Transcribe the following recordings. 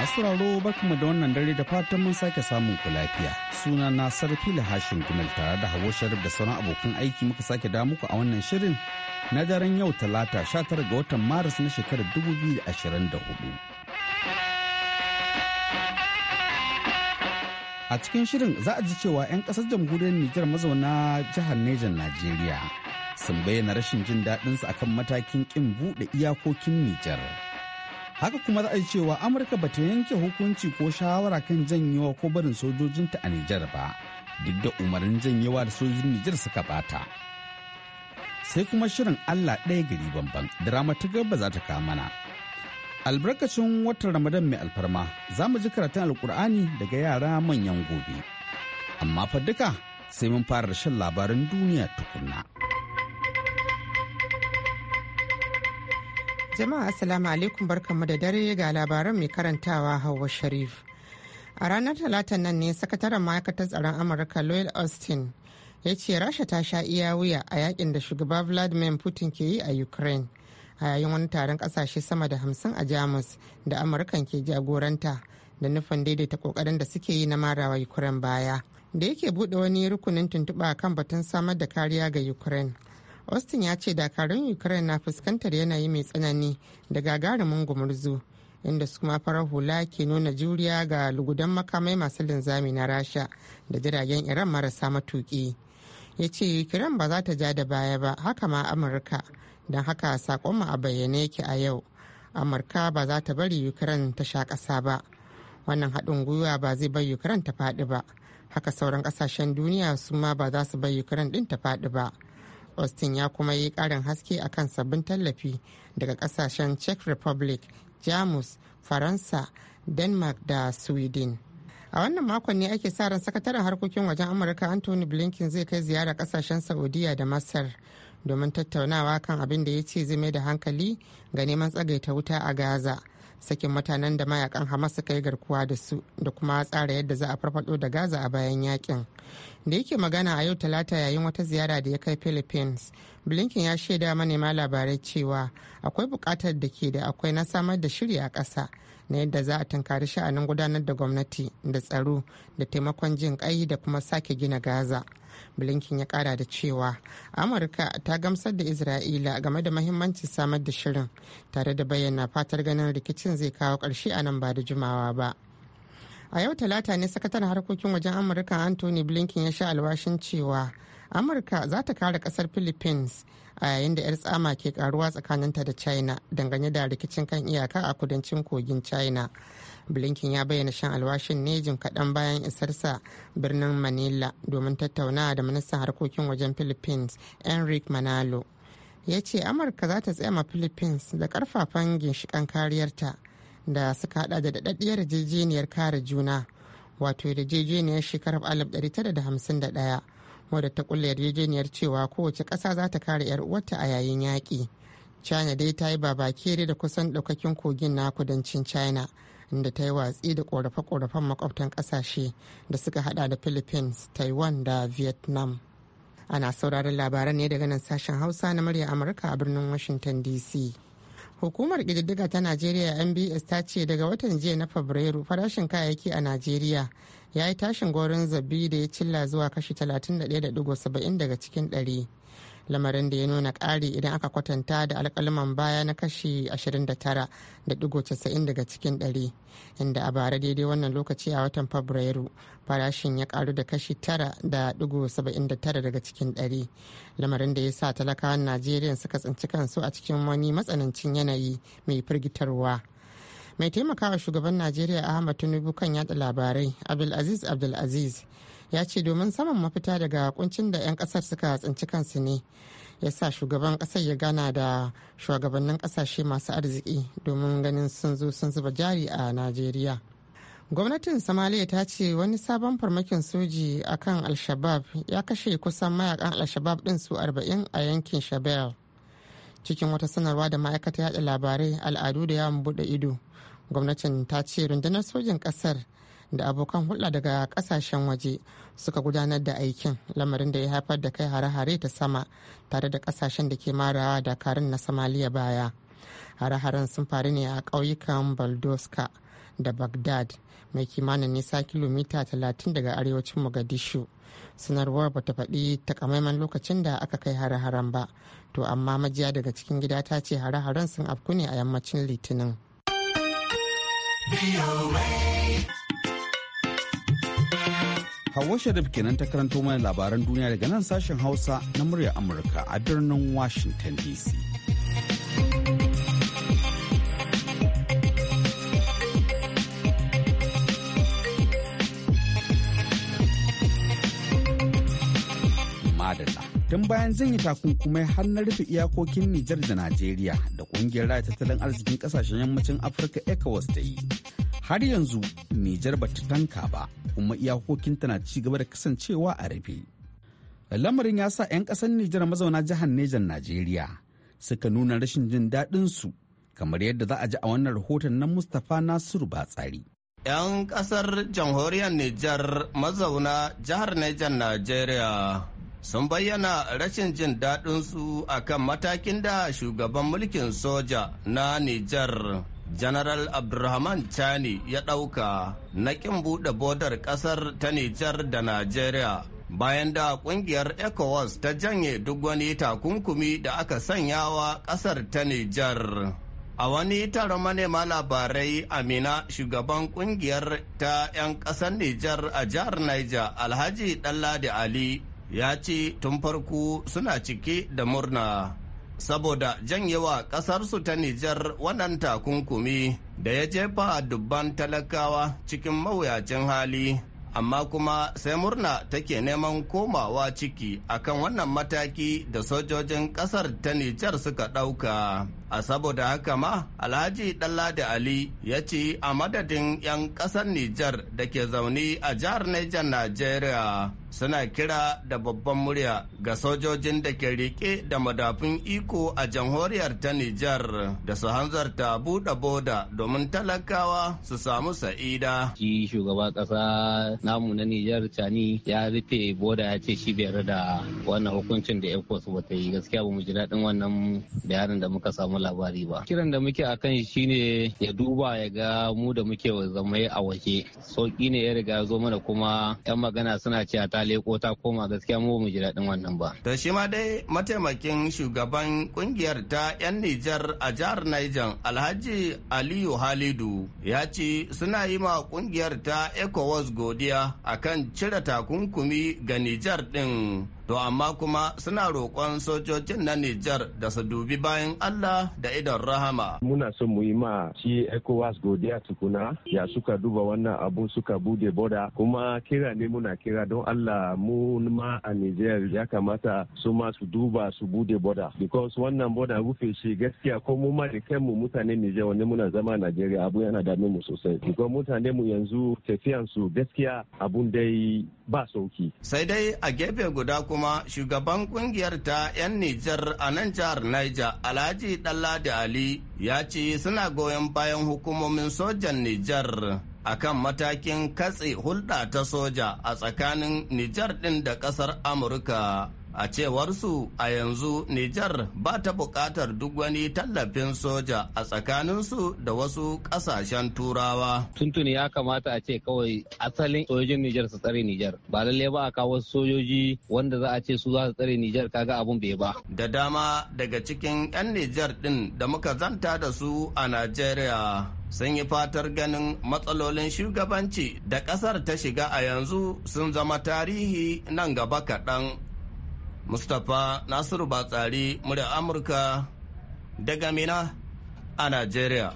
Masu raro mu da wannan dare da fatan mun sake samun ku lafiya. Suna na Sarfila Hashin Gumel tare da Hawo Sharif da sauran abokan aiki muka sake da muku a wannan shirin na daren yau Talata 19 ga watan Maris na shekarar 2024. a cikin shirin za a ji cewa 'yan kasar jamhuriyar nijar mazauna jihar nejan najeriya sun bayyana rashin jin daɗinsu akan matakin kin buɗe iyakokin nijar haka kuma za a yi cewa amurka ba ta yanke hukunci ko shawara kan janyewa ko barin sojojinta a nijar ba duk da umarnin janyewa da sojojin nijar suka bata sai kuma shirin allah ɗaya gari banban drama ta gaba za ta mana. albarkacin watan ramadan mai alfarma za mu ji karatun alkur'ani daga yara manyan gobe amma fa duka sai mun fara shan labaran duniya tukunna. Jama'a Assalamu alaikum barkanmu da dare ga labaran mai karantawa hawa Sharif. A ranar talatan nan ne sakataren ma'aikatar tsaron Amurka Lloyd Austin ya ce Rasha ta sha iya wuya a yakin da shugaba Vladimir Putin ke yi a Ukraine a yayin wani taron kasashe sama da hamsin a Jamus da Amurkan ke jagoranta da nufin daidaita kokarin da suke yi na marawa Ukraine baya. Da yake bude wani rukunin tuntuɓa kan batun samar da kariya ga Ukraine. austin ya ce dakarun ukraine na fuskantar yanayi mai tsanani da gagarumin gumurzu inda su kuma farar hula ke nuna juriya ga lugudan makamai masu linzami na rasha da jiragen iran marasa matuki ya ce ukraine ba za ta ja da baya ba haka ma amurka don haka sakon mu a bayyane yake a yau amurka ba za ta bari ukraine ta sha kasa ba wannan haɗin gwiwa ba zai bar ukraine ta faɗi ba haka sauran ƙasashen duniya su ma ba za su bar ukraine ɗin ta faɗi ba austin ya kuma yi karin haske akan sabbin tallafi daga kasashen czech republic jamus faransa denmark da sweden a wannan makon ne ake sa ran sakataren harkokin wajen amurka anthony blinken zai kai ziyara kasashen saudiya da masar domin tattaunawa kan abin da ya ce zai mai da hankali ga neman tsagaita wuta a gaza sakin mutanen da mayakan hamas suka yi garkuwa da su da kuma tsara yadda za a farfado da gaza a bayan yakin da yake magana a yau talata yayin wata ziyara da ya kai philippines blinken ya shaida manema labarai cewa akwai bukatar da ke da akwai na samar da shiri a ƙasa na yadda za a tunkari sha'anin gudanar da gwamnati da tsaro da taimakon jin kai da kuma sake gina gaza blinken ya kara da cewa amurka ta gamsar da isra'ila game da mahimmancin samar da shirin tare da bayyana fatar ganin rikicin zai kawo karshe a nan ba da jimawa ba a yau talata ne sakataren harkokin wajen amurka anthony blinken ya sha alwashin cewa amurka za ta kare kasar philippines a yayin da 'yar tsama ke karuwa tsakaninta da china dangane da rikicin kan iyaka a kudancin kogin china blinken ya bayyana shan alwashin ne jim kaɗan bayan isarsa birnin manila domin tattaunawa da ministan harkokin wajen philippines enrique manalo ya ce amurka za ta tsaya ma philippines da karfafan ginshikan kariyarta da suka hada da daɗaɗɗiyar jejeniyar kare juna wato jejeniyar shekarar 1951 wadda ta kulle yarjejeniyar cewa kowace ƙasa za ta kare 'yar uwarta a yayin yaƙi china dai ta yi babakere da kusan ɗaukakin kogin na kudancin china da ta yi watsi da korafe-korafen makwabtan kasashe da suka hada da philippines taiwan da vietnam ana sauraron labaran ne daga nan sashen hausa na murya amurka a birnin washington dc hukumar ƙididdiga ta najeriya nbs ta ce daga watan jiya na fabrairu farashin kayayyaki a najeriya ya yi tashin gorin zabi da ya cilla zuwa kashi 31.70 daga cikin 100 lamarin da ya nuna ƙari idan aka kwatanta da alƙalman baya na kashi da 90 daga cikin 100 inda a bara daidai wannan lokaci a watan fabrairu farashin ya karu da kashi da 79 daga cikin 100 lamarin da ya sa talakawan najeriya suka tsinci kansu a cikin wani matsanancin yanayi mai firgitarwa mai taimakawa shugaban najeriya ahmad tinubu kan yada labarai abdulaziz abdulaziz ya ce domin saman mafita daga kuncin da 'yan kasar suka tsinci kansu ne ya sa shugaban kasar ya gana da shugabannin kasashe masu arziki domin ganin sun zo sun zuba jari a najeriya gwamnatin somalia ta ce wani sabon farmakin soji a kan al-shabab ya kashe kusan mayakan al-shabab din su 40 a yankin shabel cikin wata sanarwa da ma'aikata yada labarai al'adu da yawon bude ido gwamnatin ta ce rundunar sojin kasar da abokan hulɗa daga ƙasashen waje suka gudanar da aikin lamarin da ya haifar da kai hare-hare ta sama tare da ƙasashen da ke marawa dakarun na samaliya baya hare-haren sun faru ne a ƙauyukan baldoska da bagdad mai kimanin nisa kilomita 30 daga arewacin mogadishu sanarwar bata faɗi takamaiman lokacin da aka kai hare-haren ba to amma majiya daga cikin gida ta ce hare-haren sun afku ne a yammacin litinin. Hawa Sharif kenan ta karanto mana labaran duniya daga nan sashen Hausa na muryar Amurka a birnin Washington DC. Tun bayan zan yi takunkumai har na rufe iyakokin Nijar da Najeriya da kungiyar raya tattalin arzikin kasashen yammacin Afirka ECOWAS ta yi. Har yanzu Nijar ba ta tanka ba. kuma iyakokinta na ci gaba da kasancewa a rufe. Lamarin ya sa 'yan ƙasar Nijar mazauna jihar Nijar Najeriya suka nuna rashin jin daɗinsu kamar yadda za a ji a wannan rahoton na Mustapha Nasiru Batsari. 'Yan ƙasar jamhuriyar Nijar mazauna jihar Nijar Najeriya sun bayyana rashin jin daɗinsu su akan matakin da shugaban mulkin soja na Nijar General Abdulrahman Chani ya ɗauka na ƙin buɗe bodar ƙasar ta Nijar da Najeriya bayan da ƙungiyar ECOWAS ta janye duk wani takunkumi da aka sanyawa ƙasar ta Nijar. A wani taron manema labarai Amina shugaban ƙungiyar ta 'yan ƙasar Nijar a jihar Niger Alhaji Ɗanladi Ali ya ce tun farko suna cike da murna. saboda janyewa ƙasarsu ta Nijar wannan takunkumi da ya jefa dubban talakawa cikin mawuyacin hali. Amma kuma sai murna take neman komawa ciki akan wannan mataki da sojojin ƙasar ta Nijar suka ɗauka. A saboda haka ma, Alhaji Ɗanladi Ali ya ce a madadin 'yan ƙasar Nijar da ke zaune a jihar Nijar Najeriya. suna kira da babban murya ga sojojin da ke rike da madafun iko a jamhuriyar ta Nijar da su hanzarta buɗe boda domin talakawa su samu sa'ida. Shi shugaban ƙasa namu na Nijar Cani ya rufe boda ya ce shi bai da wannan hukuncin da ECOWAS ba ta yi gaskiya ba mu ji daɗin wannan bayanin da muka samu labari ba. Kiran da muke akan shi ne ya duba ya ga mu da muke zama a waje. sauƙi ne ya riga zo mana kuma 'yan magana suna cewa ta leko ta koma gaskiya mu mu ji daɗin wannan ba. da shi ma dai mataimakin shugaban kungiyar ta 'yan Nijar a jihar Niger Alhaji Aliyu Halidu ya ce suna yi ma kungiyar ta ECOWAS godiya akan cire takunkumi ga Nijar ɗin To amma kuma suna roƙon sojojin na Nijar da su dubi bayan Allah da idan rahama. Muna son mu yi ma shi ECOWAS godiya tukuna ya suka duba wannan abu suka bude boda kuma kira ne muna kira don Allah mu ma a Nijar ya kamata su ma su duba su bude boda. Because wannan boda rufe shi gaskiya ko mu ma da kanmu mutane Nijar wani muna zama a Najeriya abu yana dame mu sosai. Because mutane mu yanzu tafiyansu gaskiya abun dai ba sauki. Sai dai a gefe guda ko kuma shugaban kungiyar ta 'yan Nijar a nan jihar Niger Alhaji Ɗanladi Ali ya ce suna goyon bayan hukumomin sojan Nijar akan matakin katse hulɗa ta soja a tsakanin Nijar ɗin da ƙasar Amurka. A cewarsu a yanzu Nijar ba ta buƙatar duk wani tallafin soja a tsakaninsu da wasu ƙasashen turawa. Tuntuni ya kamata a ce kawai asalin sojojin Nijar su tsare Nijar. Ba lalle ba a kawo sojoji wanda za a ce su za su tsare Nijar kaga abun bai ba. Da dama daga cikin 'yan Nijar ɗin da muka zanta da su a Najeriya. sun yi fatar ganin matsalolin shugabanci da ƙasar ta shiga a yanzu sun zama tarihi nan gaba kaɗan Mustapha Nasiru Batsari murya Amurka daga Mina a Najeriya.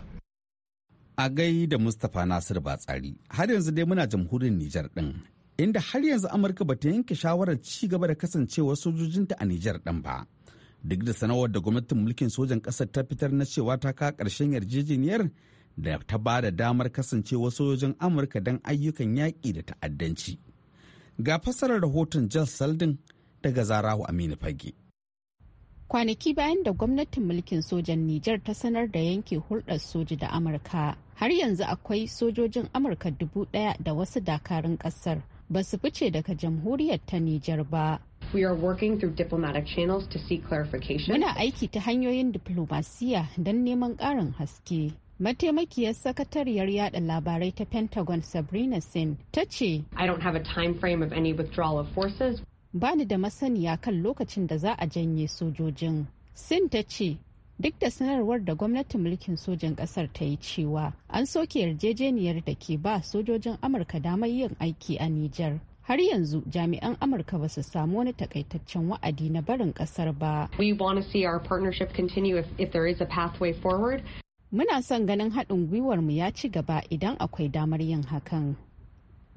A gai da Mustapha Nasiru Batsari, har yanzu dai muna jamhuriyar Nijar ɗin, inda har yanzu Amurka ba ta yanke shawarar ci gaba da kasancewar sojojinta a Nijar ɗin ba. Duk da sanarwar da gwamnatin mulkin sojan ƙasar ta fitar na cewa ta ka ƙarshen yarjejeniyar da ta ba da damar kasancewar sojojin Amurka don ayyukan yaƙi da ta'addanci. Ga fassarar rahoton Jill Saldin daga zarawa aminu fage kwanaki bayan da gwamnatin mulkin sojan Nijar ta sanar da yanke hulɗar soji da Amurka. Har yanzu akwai sojojin Amurka dubu ɗaya da wasu dakarun ƙasar ba su fice daga jamhuriyar ta Nijar ba. We are working through diplomatic channels to seek clarification. Muna aiki ta hanyoyin diplomasiya don neman ƙarin haske. Mataimakiyar sakatariyar yada labarai ta Pentagon Sabrina Sin ta ce, I don't have a time frame of any withdrawal of forces. bani da masaniya kan lokacin da za a janye sojojin sin ta ce duk da sanarwar da gwamnatin mulkin sojan ƙasar ta yi cewa an soke yarjejeniyar da ke ba sojojin amurka damar yin aiki a nijar har yanzu jami'an amurka ba su samu wani takaitaccen wa'adi na barin ƙasar ba muna son ganin haɗin gwiwar mu ya ci gaba idan akwai damar yin hakan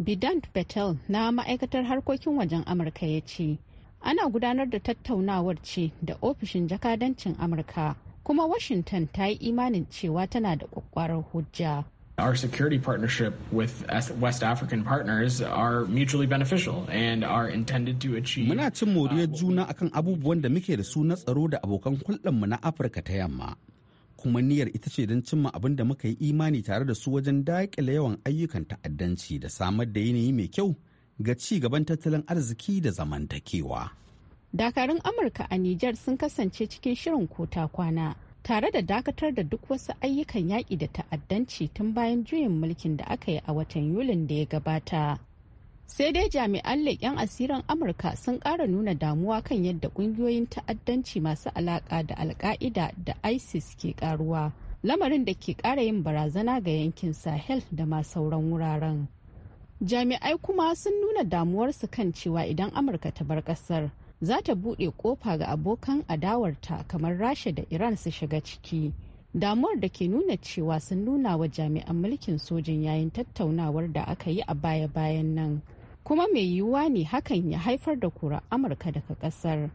bidant Patel na ma'aikatar harkokin wajen amurka ya ce ana gudanar da tattaunawar ce da ofishin jakadancin amurka kuma washington ta yi imanin cewa tana da kwakwarar hujja our security partnership with West African partners are mutually beneficial and are intended to achieve. Muna cin moriyar uh, juna akan abubuwan da muke da su na tsaro da abokan mu na Afirka ta Yamma. kuma niyyar ita ce don cimma abin da muka yi imani tare da su wajen daƙile yawan ayyukan ta'addanci da samar da yanayi mai kyau ga ci gaban tattalin arziki da zamantakewa. Dakarun Amurka a Nijar sun kasance cikin shirin kota kwana tare da dakatar da duk wasu ayyukan yaƙi da ta'addanci tun bayan juyin mulkin da aka yi a watan Yulin da ya gabata. sai dai jami'an leƙen asirin amurka sun ƙara nuna damuwa kan yadda ƙungiyoyin ta'addanci masu alaƙa da alƙa'ida da isis ke ƙaruwa lamarin da ke ƙara yin barazana ga yankin sahel da ma sauran wuraren jami'ai kuma sun nuna damuwarsu kan cewa idan amurka ta bar ƙasar za ta buɗe ƙofa ga abokan adawarta kamar rasha da iran su shiga ciki damuwar da ke nuna cewa sun nuna wa jami'an mulkin sojin yayin tattaunawar da aka yi a baya-bayan nan kuma mai yiwuwa ne hakan ya haifar da kura amurka daga kasar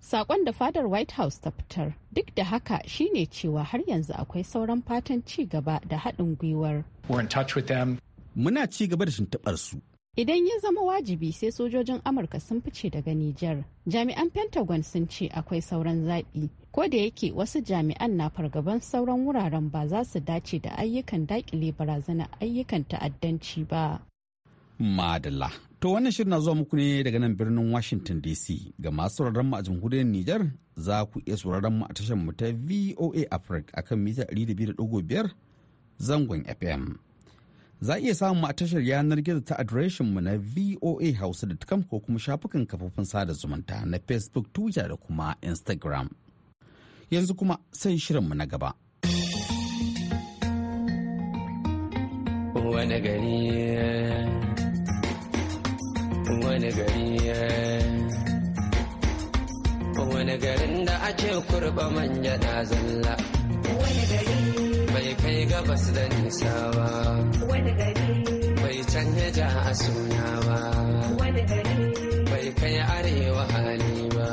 sakon da fadar white house ta fitar duk da haka shine cewa har yanzu akwai sauran fatan ci gaba da haɗin gwiwar muna ci gaba da tuntubar su Idan ya zama wajibi sai sojojin Amurka sun fice daga Nijar. Jami'an Pentagon sun ce akwai sauran zaɓi. Ko da yake wasu jami'an na fargaban sauran wuraren ba za su dace da ayyukan daƙile barazanar ayyukan ta'addanci ba. Madala, To wannan shirin na zuwa muku ne daga nan birnin Washington DC ga masu sauraron mu a jamhuriyar Nijar za ku iya sauraron mu a tashar mu ta VOA Africa akan mita 200.5 zangon FM. Za iya samun mu a tashar yanar gizo ta adireshin mu na VOA Hausa.com ko kuma shafukan kafofin sada zumunta na Facebook, Twitter da kuma Instagram. Yanzu kuma sai shirin mu na gaba. Wani gari wani gari eh. wani garin da ake kurba manya na zalla wani gari bai kai gabas da nisa ba wani gari bai canja ja a suna ba wani gari bai kai arewa hali ba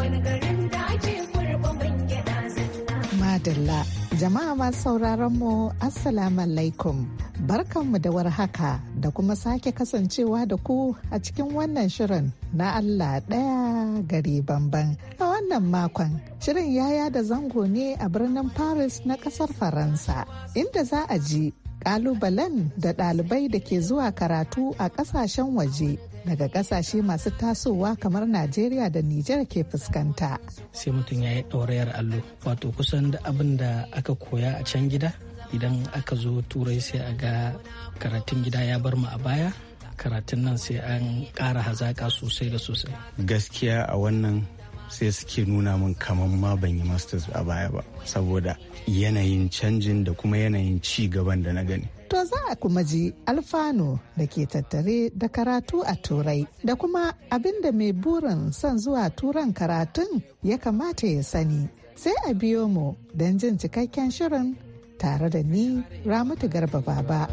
wani garin da ake kurba manya na zalla madalla jama'a ma sauraron mu assalamu alaikum Barkanmu da warhaka da kuma sake kasancewa da ku a cikin wannan shirin na Allah ɗaya gari bamban. A wannan makon, shirin yaya da zango ne a birnin Paris na ƙasar Faransa, inda za a ji ƙalubalen da ɗalibai da ke zuwa karatu a ƙasashen waje daga ƙasashe masu tasowa kamar Najeriya da Nijar ke fuskanta. Sai mutum ya yi ɗaurayar allo, wato kusan da abin da aka koya a can gida idan aka zo turai sai a ga karatun gida ya bar mu a baya karatun nan sai an ƙara hazaƙa sosai da sosai gaskiya a wannan sai suke nuna min kamar ma ban yi masters a baya ba saboda yanayin canjin da kuma yanayin ci gaban da na gani To za a kuma ji alfano da ke tattare da karatu a turai da kuma abin da mai burin son zuwa turan karatun ya kamata ya sani. Sai a biyo mu don jin cikakken shirin tare da ni ramatu garba baba.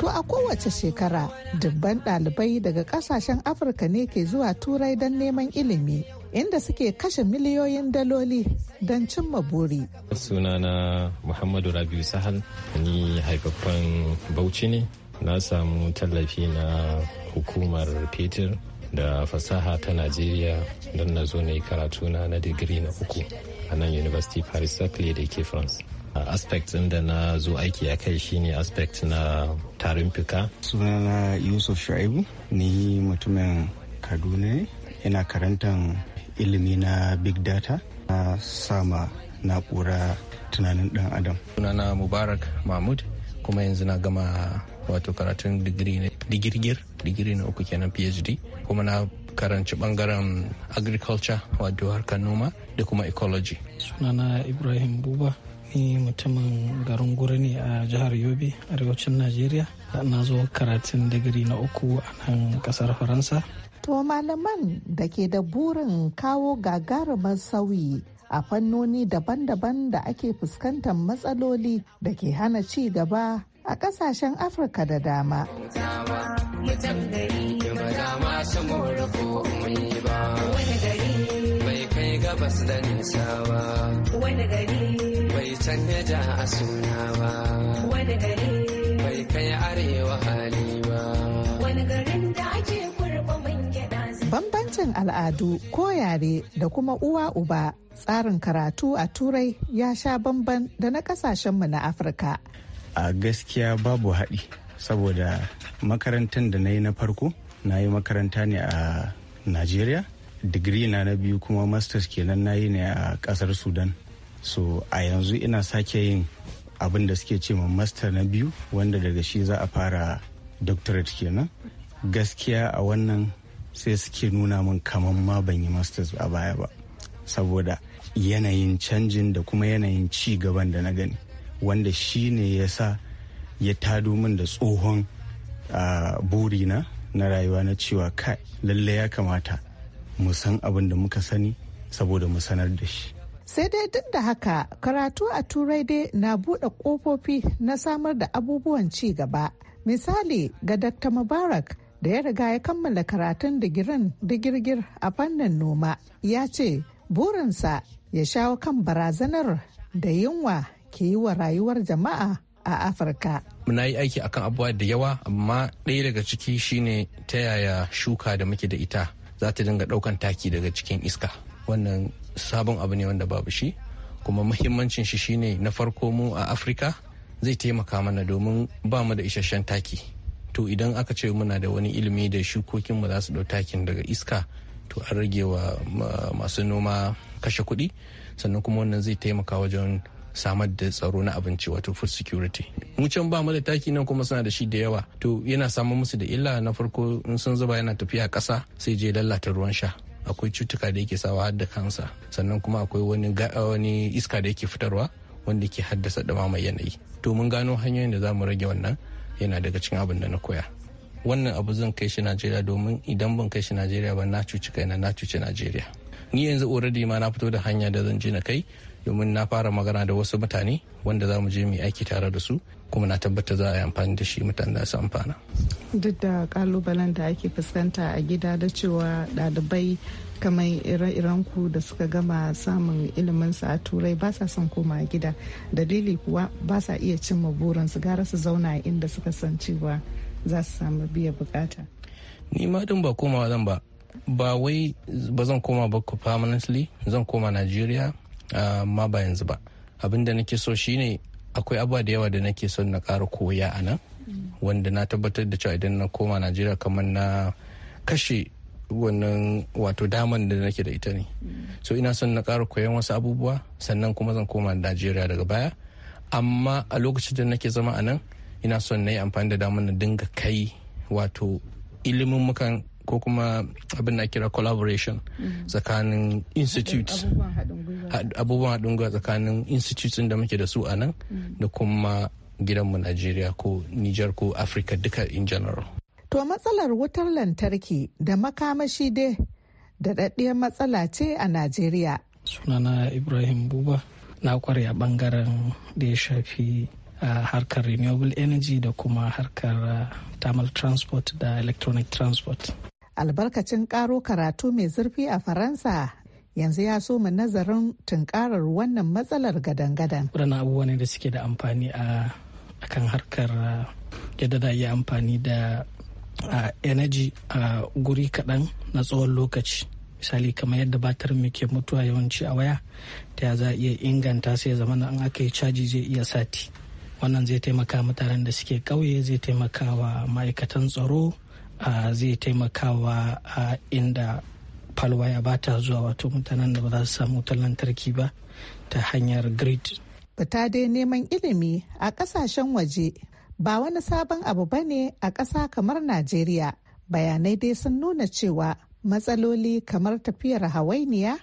To a kowace shekara dubban ɗalibai daga ƙasashen Afirka ne ke zuwa turai don neman ilimi inda suke kashe miliyoyin daloli don cimma buri. Sunana Muhammadu Rabiu Sahal, ni haifaffen Bauchi ne, na samu tallafi na hukumar Peter da fasaha ta najeriya don na zo na yi karatu na digiri na uku a nan university paris Saclay da ke france aspect ɗin da na zo aiki a kai shine aspect na tarin fika sunana yusuf shaibu ni mutumin kaduna ne yana karantar ilimi na big data na sama na'ura tunanin ɗan adam sunana mubarak mahmud kuma yanzu na gama wato karatun digiri na digirgir digiri na uku kenan phd kuma na karanci bangaren agriculture wato harkar noma da kuma ecology sunana ibrahim buba ni mutumin garin guri ne a jihar yobe arewacin najeriya na zo karatun digiri na uku a nan kasar faransa to malaman da ke da burin kawo gagarumar sauyi a fannoni daban-daban da ake fuskantar matsaloli da ke hana ci gaba a kasashen afirka da dama. masu mora ko ba wani gari bai kai gabas da nisa ba wani gari bai canja a suna ba wani gari bai kai arewa hali ba wani garin da ake kurba man zai. bambancin al'adu ko yare da kuma uwa uba tsarin karatu a turai ya sha bamban da na kasashenmu na afirka a gaskiya babu haɗi saboda makarantar da na yi na farko na yi makaranta ne a najeriya digiri na na biyu kuma masters kenan na yi ne a kasar sudan so a yanzu ina sake yin abin da suke ce ma master na biyu wanda daga shi za a fara doctorate kenan gaskiya a wannan sai suke nuna min kamar ma ban yi masters a baya ba saboda yanayin canjin da kuma yanayin ci gaban da na gani wanda shi ne ya sa ya tado min da tsohon ah, burina na rayuwa na cewa kai lalle ya kamata mu san abin da muka sani saboda mu sanar da shi sai dai duk da haka karatu a turai dai na buɗe ƙofofi na samar da abubuwan ci gaba misali ga dr mubarak da ya riga ya kammala karatun digirin digirgir a fannin noma ya ce burinsa ya shawo kan barazanar da yunwa ke yi wa rayuwar jama'a a afirka na yi aiki akan abubuwa da yawa amma ɗaya daga ciki shine ta yaya shuka da muke da ita za ta dinga ɗaukan taki daga cikin iska wannan sabon abu ne wanda babu shi kuma muhimmancin shi shine na farko mu a afirka zai taimaka mana domin ba mu da isasshen taki to idan aka ce muna da wani ilimi da shukokinmu za su ɗau takin daga iska to an rage wa masu noma kashe kuɗi sannan kuma wannan zai taimaka wajen samar da tsaro na abinci wato food security mu can ba mu da taki nan kuma suna da shi da yawa to yana samun musu da illa na farko in sun zuba yana tafiya ƙasa sai je lallata ruwan sha akwai cutuka da yake sawa har da kansa sannan kuma akwai wani wani iska da yake fitarwa wanda ke haddasa dumama yanayi to mun gano hanyoyin da za mu rage wannan yana daga cikin abin da na koya wannan abu zan kai shi najeriya domin idan ban kai shi najeriya ba na cuci kai na cuci najeriya ni yanzu already ma na fito da hanya da zan je na kai domin na fara magana da wasu mutane wanda za mu je mu aiki tare da su kuma na tabbata za a yi amfani da shi mutane su amfana. Duk da kalubalen da ake fuskanta a gida da cewa ɗalibai kamar ire-iren ku da suka gama samun ilimin su a turai ba sa son koma gida dalili kuwa ba sa iya cimma burinsu gara su zauna inda suka san cewa za su samu biya bukata. Ni ma din ba komawa zan ba ba wai ba zan koma ba permanently zan koma Najeriya amma ba yanzu ba abin da nake so shine akwai abuwa da yawa da nake son na ƙara koya a nan wanda na tabbatar da cewa idan na koma najeriya kamar na kashe wannan wato daman da nake da ita ne so ina son na ƙara koyan wasu abubuwa sannan kuma zan koma najeriya daga baya amma a lokacin da nake zama a nan ina son na yi amfani da damar na dinga kai wato ilimin mukan ko kuma abin na kira collaboration mm-hmm. tsakanin institutes abubuwan haɗin gwiwa tsakanin institutes da muke da su a nan mm-hmm. da kuma gidanmu Najeriya ko Nijar ko Africa duka in general. To matsalar wutar lantarki da makamashi dai da daɗaɗɗiyar matsala ce a Najeriya. Sunana Ibrahim Buba na kware a ɓangaren da ya shafi Uh, harkar renewable energy da kuma harkar uh, thermal transport da electronic transport. albarkacin karo karatu mai zurfi a faransa yanzu ya so mu nazarin tunkarar wannan matsalar gadan-gadan. waɗannan abubuwa ne da suke da amfani a kan harkar uh, yadda da yi amfani da uh, energy a guri kaɗan na tsawon lokaci misali kamar yadda batar mu ke mutuwa yawanci a waya ta za a iya inganta sai zama an aka yi caji zai iya sati wannan zai taimaka mutanen da suke ƙauye zai taimaka wa ma'aikatan tsaro zai taimakawa a inda falwaya ba ta zuwa wato mutanen da ba za su samu wutar lantarki ba ta hanyar grid. Fita dai neman ilimi a kasashen waje ba wani sabon abu ba ne a ƙasa kamar Najeriya. Bayanai dai sun nuna cewa matsaloli kamar tafiyar hawainiya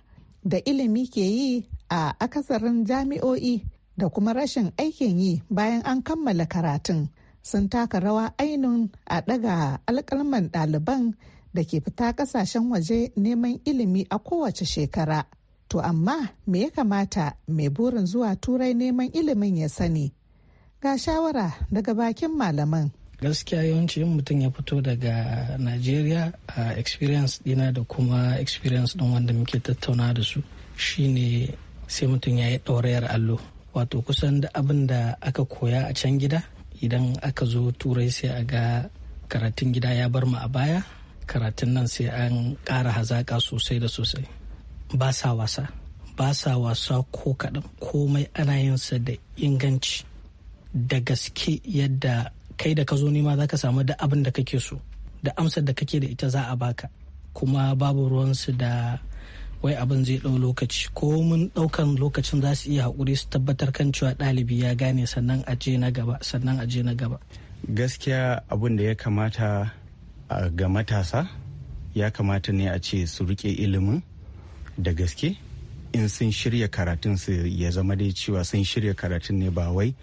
da ilimi ke yi a akasarin jami'o'i da kuma rashin aikin yi bayan an kammala karatun sun taka rawa ainun a ɗaga alkalman ɗaliban da ke fita ƙasashen waje neman ilimi a kowace shekara. To amma me ya kamata mai burin zuwa turai neman ilimin ya sani? Ga shawara daga bakin malaman. gaskiya yawanci yin mutum ya fito daga najeriya a experience dina da kuma experience ɗin wanda muke tattauna da su shine sai mutum ya yi ɗaurayar allo wato kusan da abin da aka koya a can gida idan aka zo turai sai a ga karatun gida ya bar mu a baya karatun nan sai an kara hazaƙa sosai da sosai ba sa wasa ba sa wasa ko kaɗan komai ana yinsa da inganci da gaske yadda kai da ka zo nema za ka samu da abin da kake so da amsar da kake da ita za a baka kuma babu ruwansu da wai abin zai ɗau lokaci ko mun ɗaukan lokacin za su iya haƙuri su tabbatar kan cewa ɗalibi ya gane sannan a je na gaba sannan a je na gaba gaskiya abin da ya kamata ga matasa ya kamata ne a ce su rike ilimin da gaske in sun shirya karatun su ya zama dai cewa sun shirya karatun ne ba wai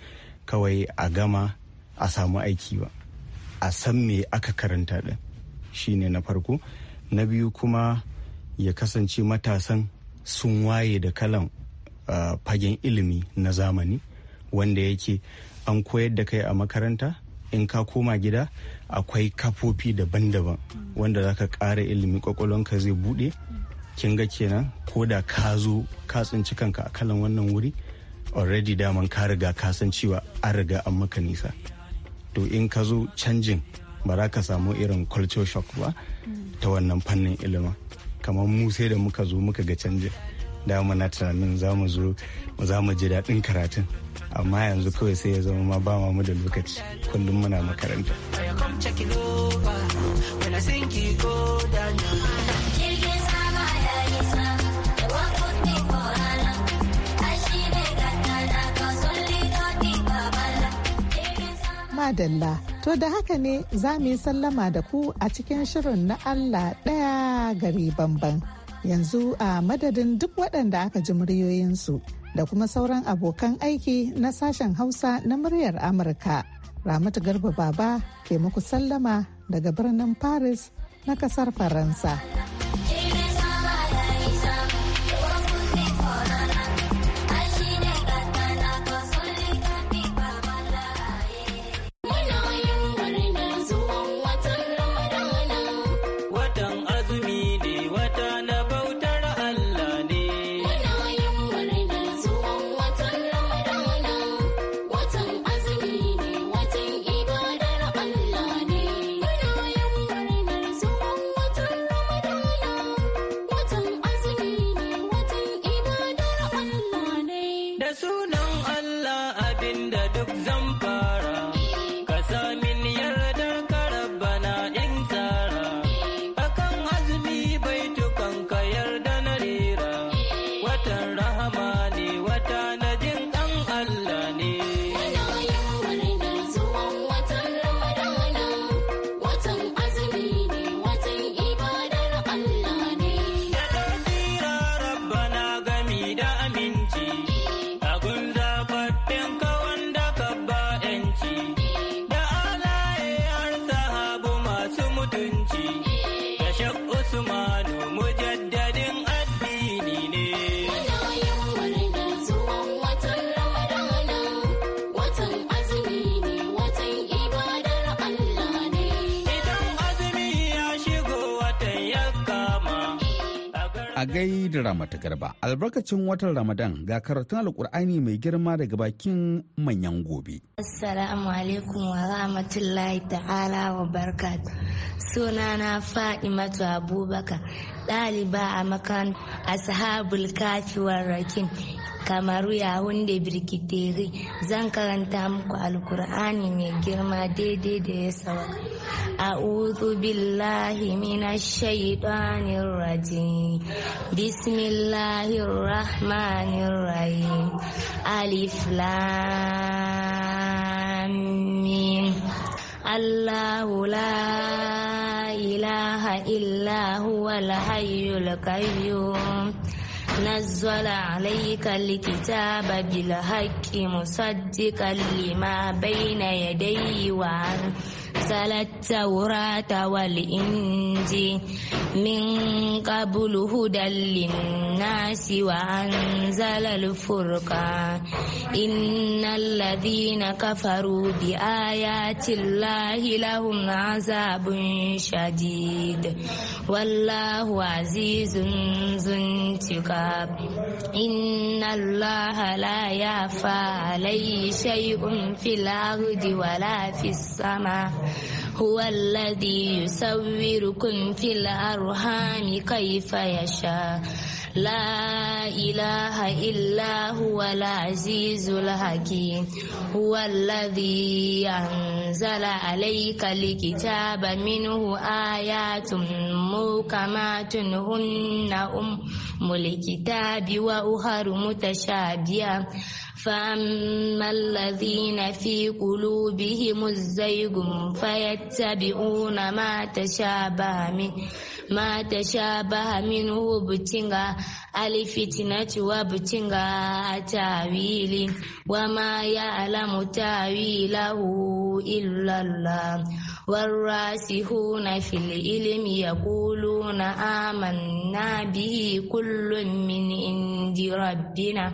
kawai a gama a samu aiki ba a san me aka karanta din shine na farko na biyu kuma ya kasance matasan sun waye da kalan fagen ilimi na zamani wanda yake an koyar da kai a makaranta in ka koma gida akwai kafofi daban-daban wanda za ka ƙara ilimi ka zai buɗe kin ga kenan ko da ka zo ka tsinci kanka a kalan wannan wuri already daman ka riga ka san cewa an riga an maka nisa to in ka zo canjin ba za ka samu irin culture shock ba ta wannan fannin ilimin kamar mu sai da muka zo muka ga canza da na tunanin za mu zo za mu ji daɗin karatun amma yanzu kawai sai ya zama ma ba mu da lokaci kullum muna makaranta madalla to da haka ne za mu yi sallama da ku a cikin shirin na Allah ɗaya gari bamban. Yanzu a madadin duk waɗanda aka ji muryoyinsu da kuma sauran abokan aiki na sashen Hausa na muryar Amurka. Ramatu Garba Baba ke muku sallama daga birnin Paris na kasar Faransa. gai da ramata garba albarkacin watan ramadan ga karatun alkur'ani mai girma daga bakin manyan gobe assalamu alaikum wa rahmatullahi ta'ala wa barkat sunana fa'imatu abubakar ɗaliba a makan ashabul kafi rakin kamaru ya hunde birkiteri zan karanta muku alkur'ani mai girma daidai da ya sawa a uzu billahi mina shaidanin raji bismillahir rahmanin rai aliflamin allahu la ilaha illahu walhayyul kayyum nazzala zola alai ka likita ba lima bai na ya dai wa أنزل التوراة والإنجيل من قبل هدى للناس وأنزل الفرقان إن الذين كفروا بآيات الله لهم عذاب شديد والله عزيز ذو انتقام إن الله لا يعفى عليه شيء في الأرض ولا في السماء Huwalladi yusawiru kun fil arhami kaifa yasha La ilaha illa huwa la azizu la haki anzara alaikali likitaba minhu hu? mukamatun ya tummu kama tun hunna umu likita biyu wa uhuru tasha biya fa malladhi na fi kulu bihi muzaigu fa ya ma tasha biya butinga ali fitina butinga tawili wa maya alamu tawilaku. Warra su na fili ilimi da Kulu na amana kullum min in di rabbi na,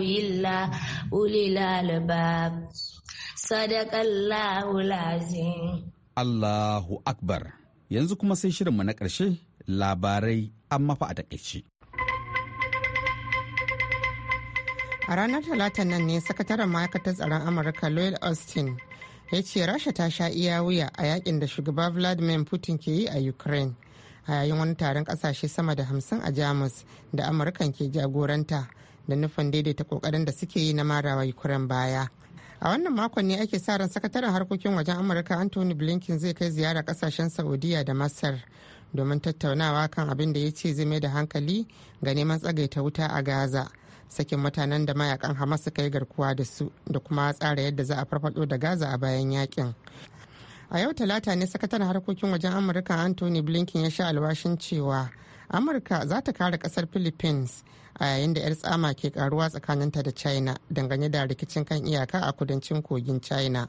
illa ulula albasa. Sadaƙa lau Allahu akbar. Yanzu kuma sai shirin wa na ƙarshe labarai amma faɗaɗa it ce. a ranar talata nan ne sakataren ma'aikatar tsaron amurka lloyd austin ya ce rasha ta sha iya wuya a yakin da shugaba vladimir putin ke yi a ukraine a yayin wani taron kasashe sama da hamsin a jamus da amurkan ke jagoranta da nufin daidaita kokarin da suke yi na marawa ukraine baya a wannan makon ne ake sa ran sakataren harkokin wajen amurka anthony blinken zai kai ziyara kasashen saudiya da masar domin tattaunawa kan abin da ya ce zai mai da hankali ga neman tsagaita wuta a gaza sakin mutanen da mayakan hamas suka yi garkuwa da su da kuma tsara yadda za a farfado da gaza a bayan yakin a yau talata ne sakataren harkokin wajen amurka anthony blinken ya sha alwashin cewa amurka za ta kare kasar philippines a yayin da 'yar tsama ke karuwa tsakaninta da china dangane da rikicin kan iyaka a kudancin kogin china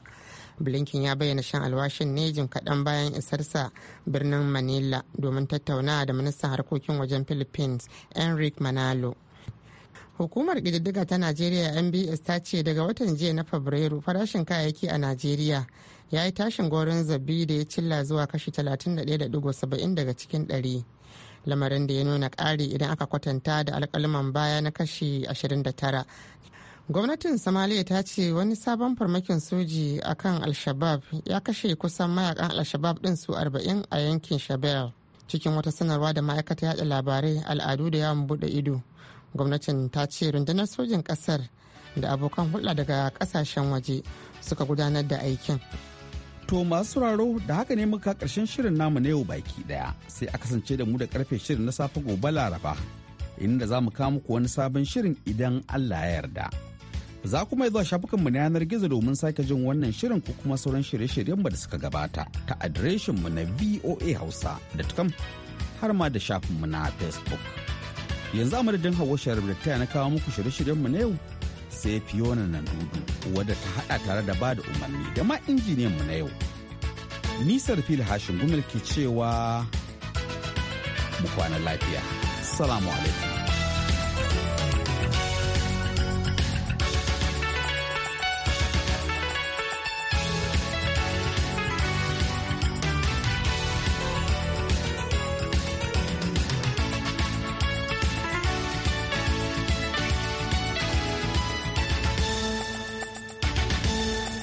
blinken ya bayyana shan alwashin ne jim kaɗan bayan isarsa birnin manila domin tattaunawa da ministan harkokin wajen philippines enrique manalo hukumar ƙididdiga ta najeriya nbs ta ce daga watan jiya na fabrairu farashin kayayyaki a najeriya ya yi tashin gorin zabi da ya cilla zuwa kashi 31.70 daga cikin 100 lamarin da ya nuna ƙari idan aka kwatanta da alƙalman baya na kashi 29 gwamnatin somalia ta ce wani sabon farmakin soji a kan al-shabab ya kashe kusan mayakan al-shabab ɗin su 40 a yankin shabelle cikin wata sanarwa da ma'aikata yada labarai al'adu da yawon buɗe ido gwamnatin ta ce rundunar sojin kasar da abokan hulɗa daga kasashen waje suka gudanar da aikin to masu sauraro da haka ne muka karshen shirin namu na yau baki daya sai a kasance da mu da karfe shirin na safe gobe laraba inda za mu kawo muku wani sabon shirin idan allah ya yarda za kuma zuwa shafukanmu na yanar gizo domin sake jin wannan shirin ko kuma sauran shirye-shiryenmu da suka gabata ta adireshinmu na voa hausa.com har ma da shafinmu na facebook yanzu a madadin hawa shari'ar da ta na kawo muku shirye-shiryenmu na yau sai fiona nan dudu wadda ta haɗa tare da bada umarni da ma injiniyanmu na yau nisar fil hashin gumil ke cewa mu kwana lafiya salamu alaikum